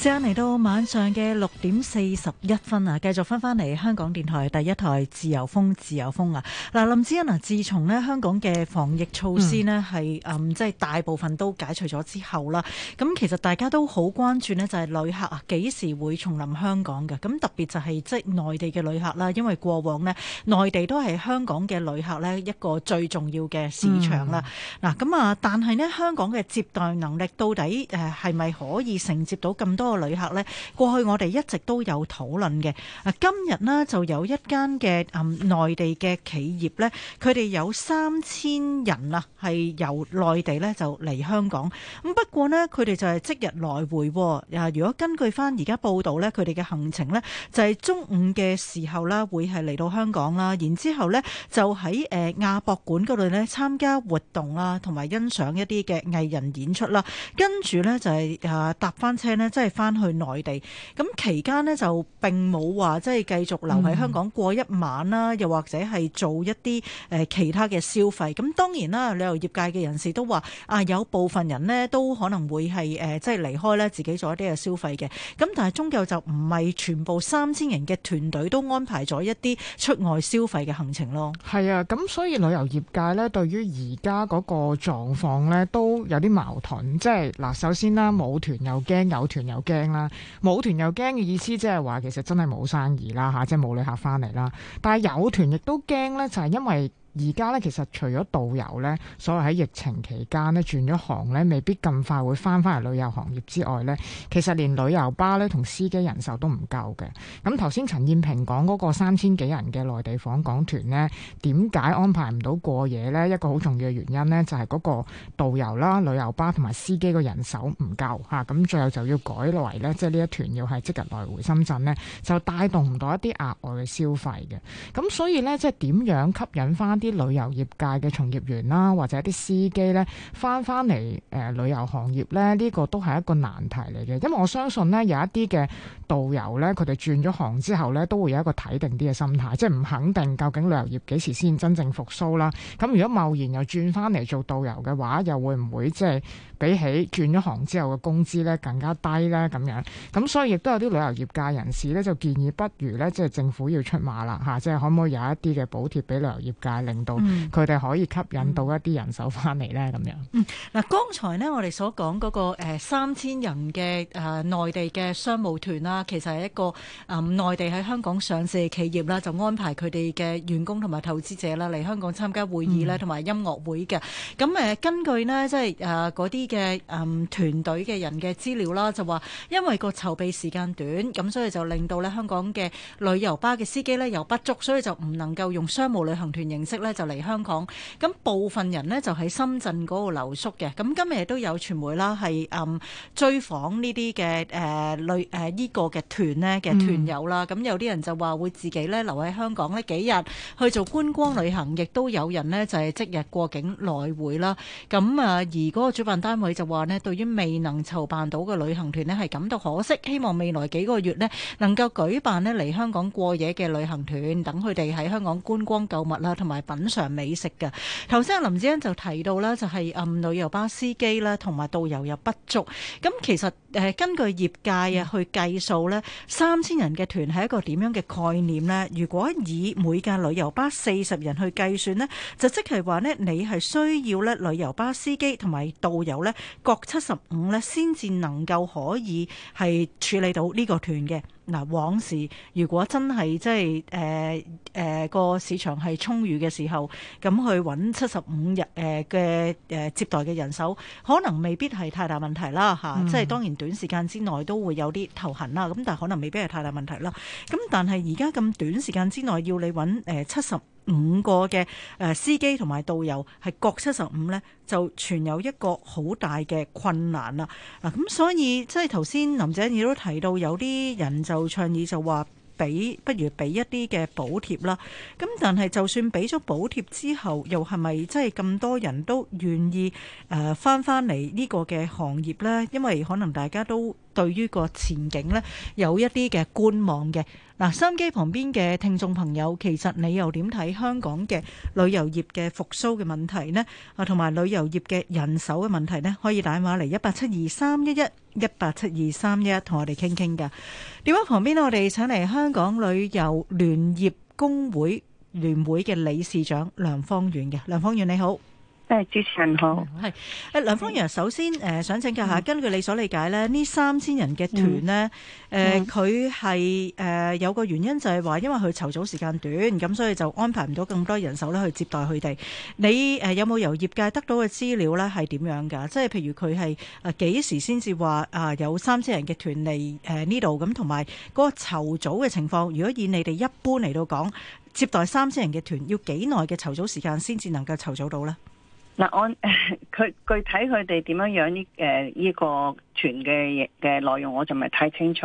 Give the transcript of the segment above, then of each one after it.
時間嚟到晚上嘅六點四十一分啊，繼續翻翻嚟香港電台第一台自由風，自由風啊！嗱，林子欣啊，自從咧香港嘅防疫措施咧係誒即係大部分都解除咗之後啦，咁其實大家都好關注咧，就係旅客啊幾時會重臨香港嘅？咁特別就係即係內地嘅旅客啦，因為過往咧內地都係香港嘅旅客咧一個最重要嘅市場啦。嗱咁啊，但係咧香港嘅接待能力到底誒係咪可以承接到咁多？個旅客呢，過去我哋一直都有討論嘅。啊，今日呢，就有一間嘅啊內地嘅企業呢，佢哋有三千人啊，係由內地呢就嚟香港。咁不過呢，佢哋就係即日來回。啊，如果根據翻而家報道呢，佢哋嘅行程呢，就係中午嘅時候啦，會係嚟到香港啦。然之後呢，就喺誒亞博館嗰度呢，參加活動啦，同埋欣賞一啲嘅藝人演出啦。跟住呢、就是，啊、就係啊搭翻車呢，即係。翻去內地，咁期間呢就並冇話即係繼續留喺香港過一晚啦，嗯、又或者係做一啲誒其他嘅消費。咁當然啦，旅遊業界嘅人士都話啊，有部分人呢都可能會係誒即係離開咧，自己做一啲嘅消費嘅。咁但係終究就唔係全部三千人嘅團隊都安排咗一啲出外消費嘅行程咯。係啊，咁所以旅遊業界呢對於而家嗰個狀況咧都有啲矛盾，即係嗱，首先啦，冇團又驚，有團又。驚啦，冇團又驚嘅意思，即係話其實真係冇生意啦吓，即係冇旅客翻嚟啦。但係有團亦都驚咧，就係因為。而家咧，其實除咗導遊咧，所謂喺疫情期間咧轉咗行咧，未必咁快會翻翻嚟旅遊行業之外咧，其實連旅遊巴咧同司機人手都唔夠嘅。咁頭先陳燕平講嗰個三千幾人嘅內地訪港團咧，點解安排唔到過夜咧？一個好重要嘅原因咧，就係、是、嗰個導遊啦、旅遊巴同埋司機個人手唔夠吓，咁、啊嗯、最後就要改為咧，即係呢一團要係即日來回深圳咧，就帶動唔到一啲額外嘅消費嘅。咁、嗯、所以咧，即係點樣吸引翻？啲旅遊業界嘅從業員啦，或者啲司機呢，返返嚟誒旅遊行業呢，呢、呢個都係一個難題嚟嘅，因為我相信呢，有一啲嘅。導遊咧，佢哋轉咗行之後咧，都會有一個睇定啲嘅心態，即係唔肯定究竟旅遊業幾時先真正復甦啦。咁如果貿然又轉翻嚟做導遊嘅話，又會唔會即係比起轉咗行之後嘅工資咧更加低咧咁樣？咁所以亦都有啲旅遊業界人士咧，就建議不如咧，即係政府要出馬啦嚇、啊，即係可唔可以有一啲嘅補貼俾旅遊業界，令到佢哋可以吸引到一啲人手翻嚟咧咁樣。嗱、嗯，剛才咧我哋所講嗰、那個、呃、三千人嘅誒、呃、內地嘅商務團啦、啊。其實係一個誒、嗯、內地喺香港上市嘅企業啦，就安排佢哋嘅員工同埋投資者啦嚟香港參加會議咧，同埋音樂會嘅。咁誒、嗯、根據咧，即係誒嗰啲嘅誒團隊嘅人嘅資料啦，就話因為個籌備時間短，咁所以就令到咧香港嘅旅遊巴嘅司機咧又不足，所以就唔能夠用商務旅行團形式咧就嚟香港。咁部分人咧就喺深圳嗰度留宿嘅。咁今日都有傳媒啦，係誒、嗯、追訪呢啲嘅誒旅誒呢個嘅團咧嘅團友啦，咁、嗯、有啲人就話會自己咧留喺香港呢幾日去做觀光旅行，亦都有人呢就係、是、即日過境來回啦。咁啊，而嗰個主辦單位就話咧，對於未能籌辦到嘅旅行團呢係感到可惜。希望未來幾個月呢能夠舉辦咧嚟香港過夜嘅旅行團，等佢哋喺香港觀光購物啦，同埋品嚐美食嘅。頭先林子欣就提到咧、就是，就係暗旅遊巴司機啦，同埋導遊又不足。咁、嗯、其實誒根據業界啊去計數。嗯到咧三千人嘅團係一個點樣嘅概念呢？如果以每架旅遊巴四十人去計算呢就即係話咧，你係需要咧旅遊巴司機同埋導遊咧各七十五咧，先至能夠可以係處理到呢個團嘅。嗱，往時如果真係即係誒誒個市場係充裕嘅時候，咁去揾七十五日誒嘅誒接待嘅人手，可能未必係太大問題啦嚇。即係當然短時間之內都會有啲頭痕啦，咁但係可能未必係太大問題啦。咁但係而家咁短時間之內要你揾誒七十呃五個嘅誒司機同埋導遊係各七十五呢，就存有一個好大嘅困難啦。嗱、啊，咁所以即係頭先林姐亦都提到有啲人就倡議就話。俾不如俾一啲嘅補貼啦，咁但係就算俾咗補貼之後，又係咪真係咁多人都願意誒翻翻嚟呢個嘅行業呢？因為可能大家都對於個前景呢有一啲嘅觀望嘅。嗱、啊，收音機旁邊嘅聽眾朋友，其實你又點睇香港嘅旅遊業嘅復甦嘅問題呢？啊，同埋旅遊業嘅人手嘅問題呢，可以打電話嚟一八七二三一一。1，聊，一八七二三一同我哋傾傾偈電話旁邊，我哋請嚟香港旅遊聯業工會聯會嘅理事長梁芳遠嘅，梁芳遠你好。誒，主持人好係，誒，梁芳遠，首先誒，想請教下，根據你所理解咧，呢三千人嘅團咧，誒，佢係誒有個原因就係話，因為佢籌組時間短，咁所以就安排唔到咁多人手咧去接待佢哋。你誒有冇由業界得到嘅資料咧？係點樣噶？即係譬如佢係誒幾時先至話啊？有三千人嘅團嚟誒呢度咁，同埋嗰個籌組嘅情況。如果以你哋一般嚟到講，接待三千人嘅團，要幾耐嘅籌組時間先至能夠籌組到咧？嗱，按佢具體佢哋點樣樣呢？誒、這個，依、這個團嘅嘅內容，我就唔係太清楚。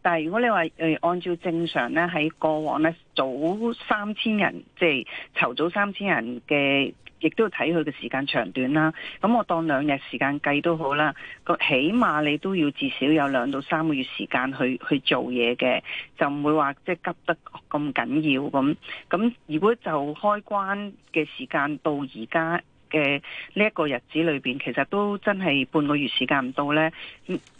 但係如果你話誒、呃、按照正常咧，喺過往咧，早三千人，即係籌早三千人嘅，亦都要睇佢嘅時間長短啦。咁我當兩日時間計都好啦，個起碼你都要至少有兩到三個月時間去去做嘢嘅，就唔會話即係急得咁緊要咁。咁如果就開關嘅時間到而家。嘅呢一個日子裏邊其實都真係半個月時間唔到咧，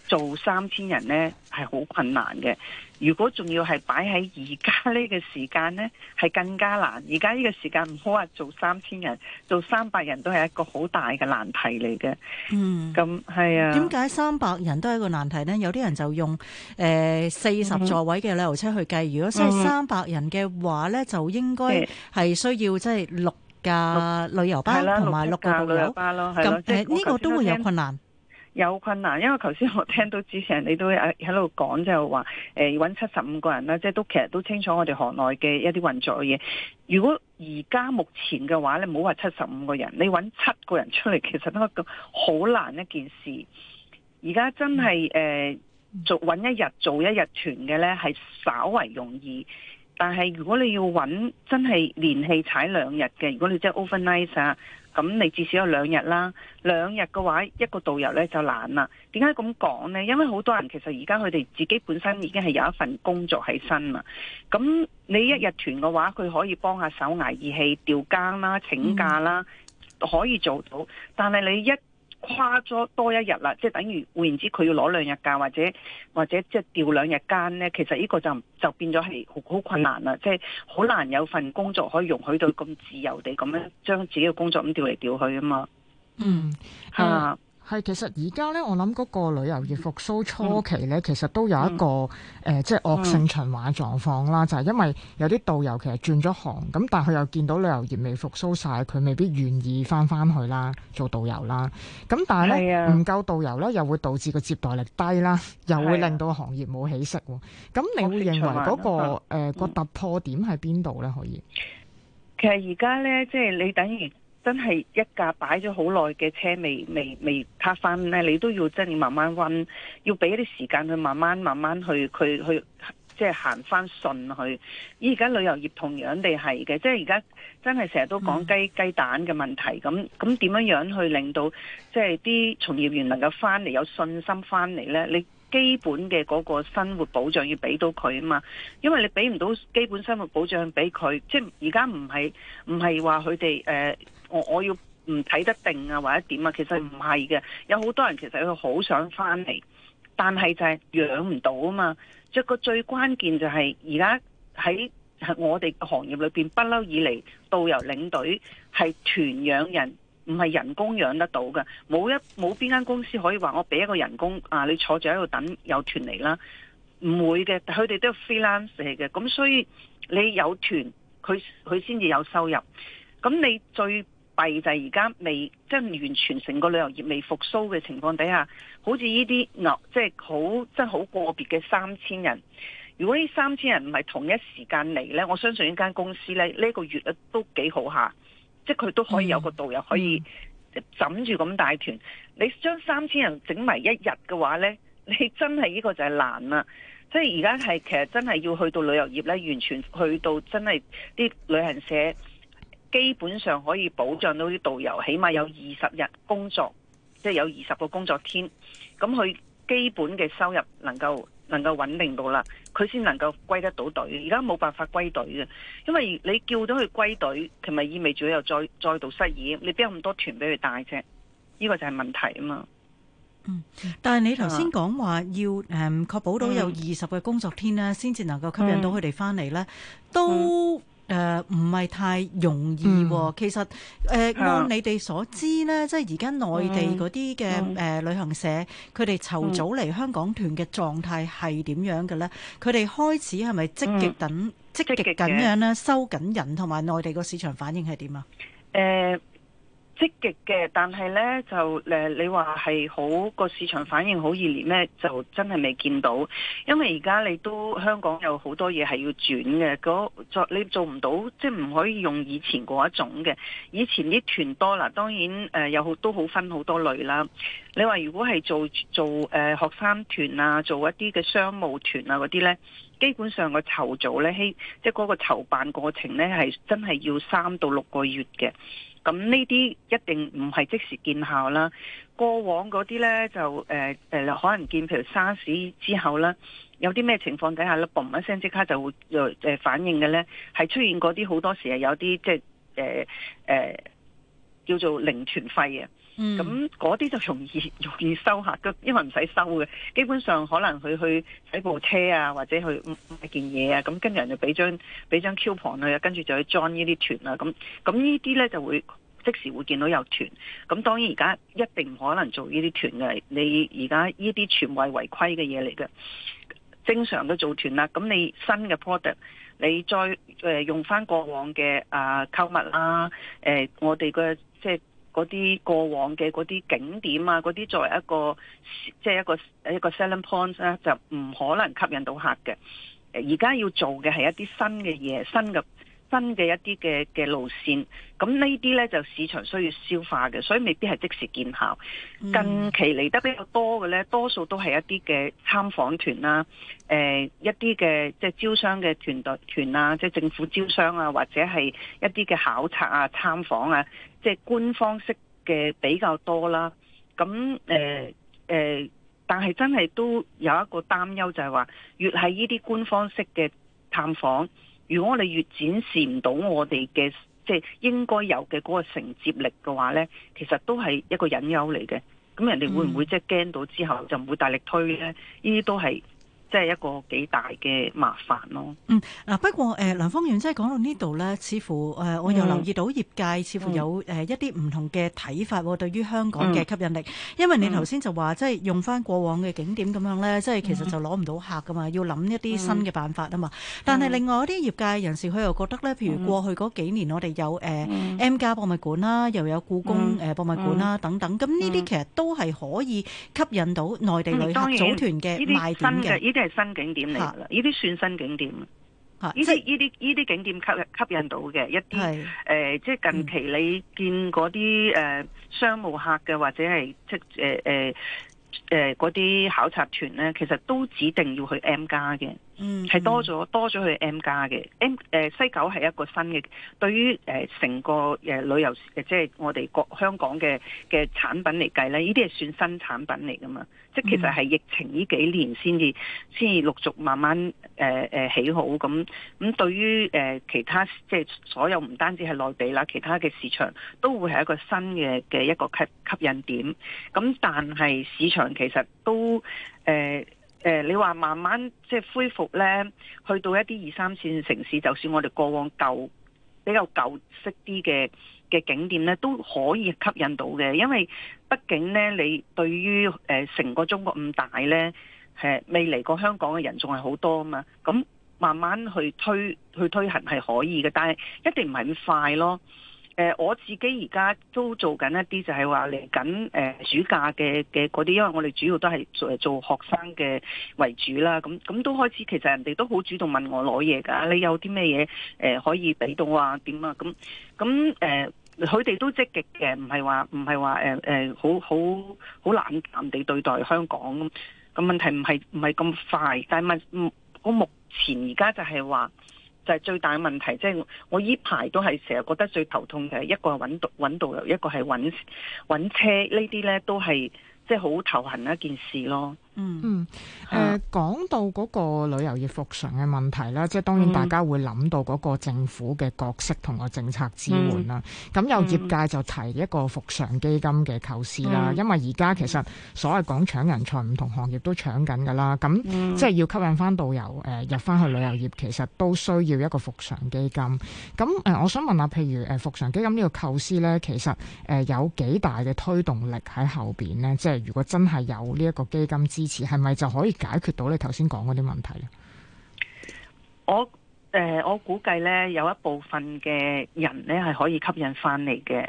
做三千人咧係好困難嘅。如果仲要係擺喺而家呢個時間咧，係更加難。而家呢個時間唔好話做三千人，做三百人都係一個好大嘅難題嚟嘅。嗯，咁係啊。點解三百人都係一個難題咧？有啲人就用誒四十座位嘅旅遊車去計，如果真係三百人嘅話咧，就應該係需要即係六。旅遊巴同埋六架旅遊巴咯，咁呢個都會有困難，有困難，因為頭先我聽到之前你都喺度講，就係話誒揾七十五個人啦，即係都其實都清楚我哋行內嘅一啲運作嘅嘢。如果而家目前嘅話咧，你唔好話七十五個人，你揾七個人出嚟，其實都好難一件事。而家真係誒做揾一日做一日團嘅咧，係稍為容易。但係如果你要揾真係連氣踩兩日嘅，如果你真係 overnight 啊，咁你至少有兩日啦。兩日嘅話，一個導遊呢就難啦。點解咁講呢？因為好多人其實而家佢哋自己本身已經係有一份工作喺身啦。咁你一日團嘅話，佢可以幫下手捱義氣、調更啦、請假啦，可以做到。但係你一跨咗多一日啦，即係等於換言之，佢要攞兩日假，或者或者即係調兩日間咧，其實呢個就就變咗係好好困難啦，即係好難有份工作可以容許到咁自由地咁樣將自己嘅工作咁調嚟調去啊嘛。嗯，係吧係，其實而家咧，我諗嗰個旅遊業復甦初期咧，嗯、其實都有一個誒、嗯呃，即係惡性循環狀況啦，嗯、就係因為有啲導遊其實轉咗行，咁但係佢又見到旅遊業未復甦晒，佢未必願意翻翻去啦，做導遊啦。咁但係咧，唔、啊、夠導遊咧，又會導致個接待力低啦，又會令到行業冇起色。咁、啊、你會認為嗰、那個誒、啊啊呃那個、突破點喺邊度咧？可以？其實而家咧，即、就、係、是、你等於。真係一架擺咗好耐嘅車未未未撻翻咧，你都要真係慢慢溫，要俾啲時間佢慢慢慢慢去佢去即係行翻順去。而家旅遊業同樣地係嘅，即係而家真係成日都講雞雞蛋嘅問題。咁咁點樣樣去令到即係啲從業員能夠翻嚟有信心翻嚟咧？你基本嘅嗰個生活保障要俾到佢啊嘛，因為你俾唔到基本生活保障俾佢，即係而家唔係唔係話佢哋誒。我我要唔睇得定啊，或者點啊？其實唔係嘅，有好多人其實佢好想翻嚟，但係就係養唔到啊嘛。即係個最關鍵就係而家喺我哋行業裏邊，不嬲以嚟，導遊領隊係團養人，唔係人工養得到嘅。冇一冇邊間公司可以話我俾一個人工啊，你坐住喺度等有團嚟啦，唔會嘅。佢哋都係 freelance 嚟嘅，咁所以你有團，佢佢先至有收入。咁你最弊就係而家未即係完全成個旅遊業未復甦嘅情況底下，好似呢啲嗱，即係好即係好個別嘅三千人。如果呢三千人唔係同一時間嚟呢，我相信呢間公司呢，呢個月咧都幾好下，即係佢都可以有個導遊可以枕住咁大團。你將三千人整埋一日嘅話呢，你真係呢個就係難啦。即係而家係其實真係要去到旅遊業呢，完全去到真係啲旅行社。基本上可以保障到啲導遊，起碼有二十日工作，即係有二十個工作天。咁佢基本嘅收入能夠能夠穩定到啦，佢先能夠歸得到隊。而家冇辦法歸隊嘅，因為你叫到佢歸隊，係咪意味住又再再度失業？你邊有咁多團俾佢帶啫？呢個就係問題啊嘛。嗯、但係你頭先講話要誒確保到有二十個工作天咧，先至能夠吸引到佢哋翻嚟咧，都、嗯。嗯嗯誒唔係太容易喎、啊，嗯、其實誒、呃、按你哋所知咧，嗯、即係而家內地嗰啲嘅誒旅行社，佢哋籌組嚟香港團嘅狀態係點樣嘅咧？佢哋、嗯、開始係咪積極等、嗯、積極咁樣咧收緊人，同埋內地個市場反應係點啊？誒、呃。積極嘅，但係呢，就誒，你話係好個市場反應好熱烈呢，就真係未見到，因為而家你都香港有好多嘢係要轉嘅，嗰你做唔到，即係唔可以用以前嗰一種嘅，以前啲團多啦，當然誒有好都好分好多類啦。你話如果係做做誒學生團啊，做一啲嘅商務團啊嗰啲呢。基本上個籌組咧，即係嗰個籌辦過程咧，係真係要三到六個月嘅。咁呢啲一定唔係即時見效啦。過往嗰啲咧就誒誒、呃，可能見譬如沙士之後啦，有啲咩情況底下咧，嘣、呃、一聲即刻就會誒反應嘅咧，係出現嗰啲好多時係有啲即係誒誒叫做零存費啊。咁嗰啲就容易容易收客，咁因為唔使收嘅，基本上可能佢去睇部車啊，或者去買件嘢啊，咁跟住人就俾張俾張 coupon 佢，跟住就去 join、啊、呢啲團啦，咁咁呢啲咧就會即時會見到有團。咁當然而家一定唔可能做呢啲團嘅，你而家呢啲全為違規嘅嘢嚟嘅，正常都做團啦。咁你新嘅 product，你再誒用翻過往嘅啊購物啦，誒、呃、我哋嘅即係。嗰啲過往嘅嗰啲景點啊，嗰啲作為一個即係、就是、一個一個 selling points 咧、啊，就唔可能吸引到客嘅。而家要做嘅係一啲新嘅嘢，新嘅新嘅一啲嘅嘅路線。咁呢啲咧就市場需要消化嘅，所以未必係即時見效。嗯、近期嚟得比較多嘅咧，多數都係一啲嘅參訪團啦，誒、呃、一啲嘅即係招商嘅團隊團啊，即、就、係、是、政府招商啊，或者係一啲嘅考察啊、參訪啊。即係官方式嘅比較多啦，咁誒誒，但係真係都有一個擔憂就，就係話越係呢啲官方式嘅探訪，如果我哋越展示唔到我哋嘅即係應該有嘅嗰個承接力嘅話咧，其實都係一個隱憂嚟嘅。咁人哋會唔會即係驚到之後就唔會大力推咧？呢啲都係。即係一個幾大嘅麻煩咯。嗯，嗱、啊、不過誒、呃，梁芳遠即係講到呢度呢，似乎誒、呃嗯、我又留意到業界似乎有誒一啲唔同嘅睇法喎，嗯、對於香港嘅吸引力。嗯、因為你頭先就話即係用返過往嘅景點咁樣呢，即係其實就攞唔到客㗎嘛，要諗一啲新嘅辦法啊嘛。但係另外一啲業界人士佢又覺得呢，譬如過去嗰幾年我哋有誒、呃嗯、M+ 博物館啦，又有故宮誒博物館啦、嗯嗯、等等，咁呢啲其實都係可以吸引到內地旅客組團嘅賣點嘅。嗯即係新景點嚟啦，呢啲算新景點啦。呢啲呢啲呢啲景點吸吸引到嘅一啲，誒，即係近期你見嗰啲誒商務客嘅或者係即係誒誒誒嗰啲考察團咧，其實都指定要去 M+ 嘅。嗯，係多咗多咗去 M 加嘅 M，誒、呃、西九係一個新嘅，對於誒成、呃、個誒、呃、旅遊即係我哋國香港嘅嘅產品嚟計咧，呢啲係算新產品嚟㗎嘛？即係其實係疫情呢幾年先至先至陸續慢慢誒誒、呃、起好咁咁，對於誒其他即係所有唔單止係內地啦，其他嘅市場都會係一個新嘅嘅一個吸吸引點。咁但係市場其實都誒。呃誒，你話慢慢即係恢復咧，去到一啲二三線城市，就算我哋過往舊比較舊式啲嘅嘅景點咧，都可以吸引到嘅。因為畢竟咧，你對於誒成個中國咁大咧，係未嚟過香港嘅人仲係好多啊嘛。咁慢慢去推去推行係可以嘅，但係一定唔係咁快咯。誒，我自己而家都做緊一啲，就係話嚟緊誒暑假嘅嘅嗰啲，因為我哋主要都係做做學生嘅為主啦。咁咁都開始，其實人哋都好主動問我攞嘢㗎。你有啲咩嘢誒可以俾到啊？點啊？咁咁誒，佢哋都積極嘅，唔係話唔係話誒誒好好好好冷淡地對待香港。咁問題唔係唔係咁快，但係問我目前而家就係話，就係最大嘅問題，即係我依排都係成日覺得最頭痛嘅一個係揾導揾導遊，一個係揾揾車，呢啲呢都係即係好頭痕一件事咯。嗯嗯，誒、呃、講到嗰個旅遊業復常嘅問題啦，即係當然大家會諗到嗰個政府嘅角色同個政策支援啦。咁、嗯、有業界就提一個復常基金嘅構思啦，嗯、因為而家其實所謂講搶人才，唔同行業都搶緊噶啦。咁、嗯、即係要吸引翻導遊誒入翻去旅遊業，其實都需要一個復常基金。咁誒、呃、我想問下，譬如誒復常基金呢個構思咧，其實誒、呃、有幾大嘅推動力喺後邊咧？即係如果真係有呢一個基金資係咪就可以解決到你頭先講嗰啲問題？我誒、呃，我估計呢有一部分嘅人呢係可以吸引翻嚟嘅。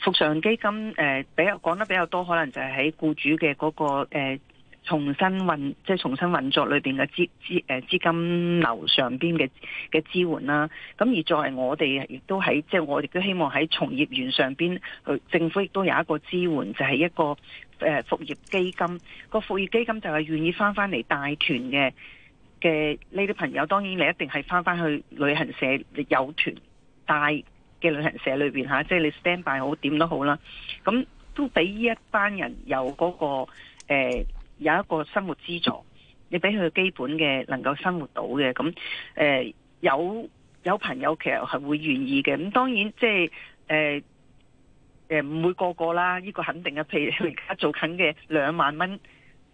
復常基金誒、呃，比較講得比較多，可能就係喺僱主嘅嗰、那個、呃、重新運，即係重新運作裏邊嘅資資誒資金流上邊嘅嘅支援啦。咁而作為我哋、就是、亦都喺，即係我哋都希望喺從業員上邊，政府亦都有一個支援，就係、是、一個。誒復業基金、嗰個復業基金就係願意返返嚟帶團嘅嘅呢啲朋友，當然你一定係返返去旅行社有團帶嘅旅行社裏邊嚇，即、啊、係、就是、你 stand by 好點都好啦。咁都俾呢一班人有嗰、嗰個、呃、有一個生活資助，你俾佢基本嘅能夠生活到嘅，咁誒有有朋友其實係會願意嘅。咁當然即係誒。呃誒唔會個個啦，呢個肯定嘅。譬如你而家做緊嘅兩萬蚊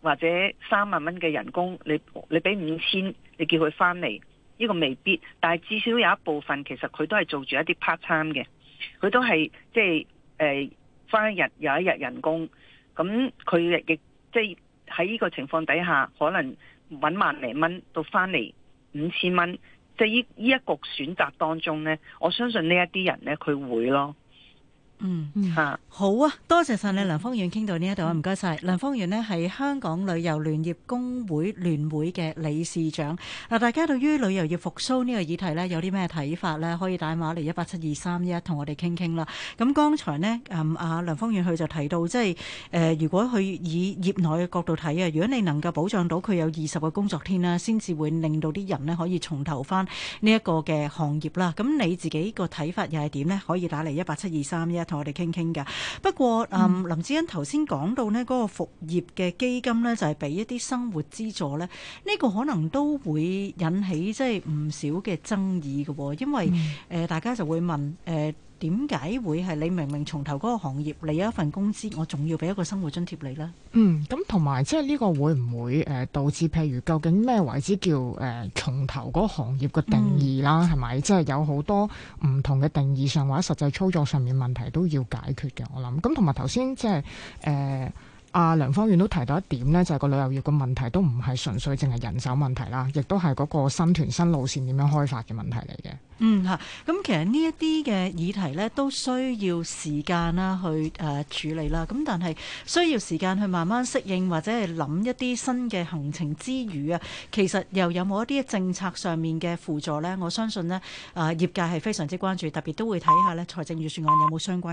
或者三萬蚊嘅人工，你你俾五千，你叫佢翻嚟，呢個未必。但係至少有一部分其實佢都係做住一啲 part time 嘅，佢都係即係誒翻一日有一日人工。咁佢亦即係喺呢個情況底下，可能揾萬零蚊到翻嚟五千蚊。即係呢呢一個選擇當中呢，我相信呢一啲人呢，佢會咯。嗯，吓、mm hmm. 好啊！多謝晒你，梁芳遠傾到呢一度啊，唔該晒。梁芳遠呢係香港旅遊聯業工會聯會嘅理事長。嗱，大家對於旅遊業復蘇呢個議題呢，有啲咩睇法呢？可以打電話嚟一八七二三一同我哋傾傾啦。咁剛才呢，啊、嗯、梁芳遠佢就提到，即係誒、呃，如果佢以業內嘅角度睇啊，如果你能夠保障到佢有二十個工作天啦，先至會令到啲人呢可以重投翻呢一個嘅行業啦。咁你自己個睇法又係點呢？可以打嚟一八七二三一。同我哋傾傾㗎。不過，嗯，林志欣頭先講到呢嗰個服業嘅基金呢，就係俾一啲生活資助呢。呢、這個可能都會引起即係唔少嘅爭議嘅、哦，因為誒、嗯呃、大家就會問誒。呃點解會係你，明明從頭嗰個行業你有一份工資，我仲要俾一個生活津貼你呢？嗯，咁同埋即係呢個會唔會誒導致譬如究竟咩為之叫誒、呃、從頭嗰個行業嘅定義啦？係咪即係有好多唔同嘅定義上或者實際操作上面問題都要解決嘅？我諗咁同埋頭先即係誒。阿、啊、梁芳遠都提到一點，咧，就係、是、個旅遊業嘅問題都唔係純粹淨係人手問題啦，亦都係嗰個新團新路線點樣開發嘅問題嚟嘅、嗯。嗯嚇，咁其實呢一啲嘅議題咧都需要時間啦去誒處理啦。咁但係需要時間去慢慢適應或者係諗一啲新嘅行程之餘啊，其實又有冇一啲政策上面嘅輔助呢？我相信咧，誒業界係非常之關注，特別都會睇下咧財政預算案有冇相關。